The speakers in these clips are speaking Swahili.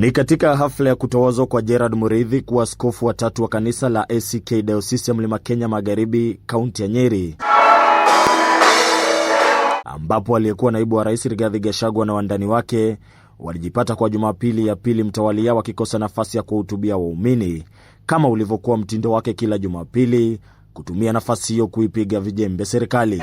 Ni katika hafla ya kutawazwa kwa Gerard muridhi kuwa askofu watatu wa kanisa la ACK Dayosisi ya Mlima Kenya Magharibi, kaunti ya Nyeri, ambapo aliyekuwa naibu wa rais Rigathi Gachagua na wandani wake walijipata kwa Jumapili ya pili mtawalia wakikosa nafasi ya kuwahutubia waumini kama ulivyokuwa mtindo wake kila Jumapili, kutumia nafasi hiyo kuipiga vijembe serikali.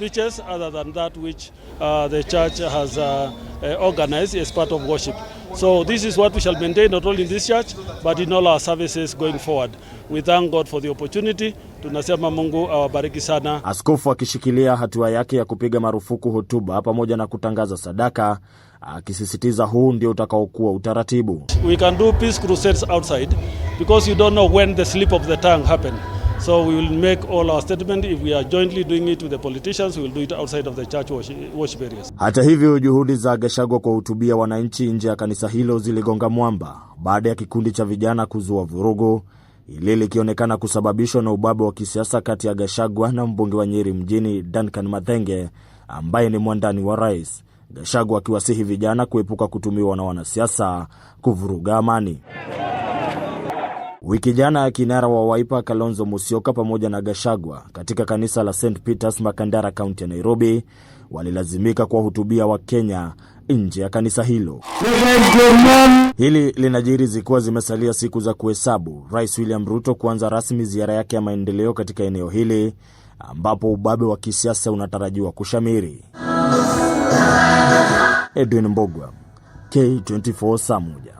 speeches other than that which uh, the church has uh, uh, organized as part of worship. So this is what we shall maintain not only in this church but in all our services going forward. We thank God for the opportunity. Tunasema Mungu awabariki sana. Askofu akishikilia hatua yake ya kupiga marufuku hotuba pamoja na kutangaza sadaka akisisitiza huu ndio utakaokuwa utaratibu. We can do peace crusades outside because you don't know when the slip of the tongue happened. So we will make all our statement if we are jointly doing it with the politicians we will do it outside of the church worship areas. Hata hivyo juhudi za Gachagua kuwahutubia wananchi nje ya kanisa hilo ziligonga mwamba baada ya kikundi cha vijana kuzua vurugu, ili likionekana kusababishwa na ubaba wa kisiasa kati ya Gachagua na mbunge wa Nyeri mjini Duncan Mathenge ambaye ni mwandani wa rais. Gachagua akiwasihi vijana kuepuka kutumiwa na wanasiasa kuvuruga amani. Wiki jana kinara wa Waipa Kalonzo Musyoka pamoja na Gashagwa katika kanisa la St Peters Makandara, kaunti ya Nairobi, walilazimika kuwahutubia Wakenya nje ya kanisa hilo. Hili linajiri zikiwa zimesalia siku za kuhesabu Rais William Ruto kuanza rasmi ziara yake ya maendeleo katika eneo hili ambapo ubabe wa kisiasa unatarajiwa kushamiri. Edwin Mbogwa, K24, saa moja.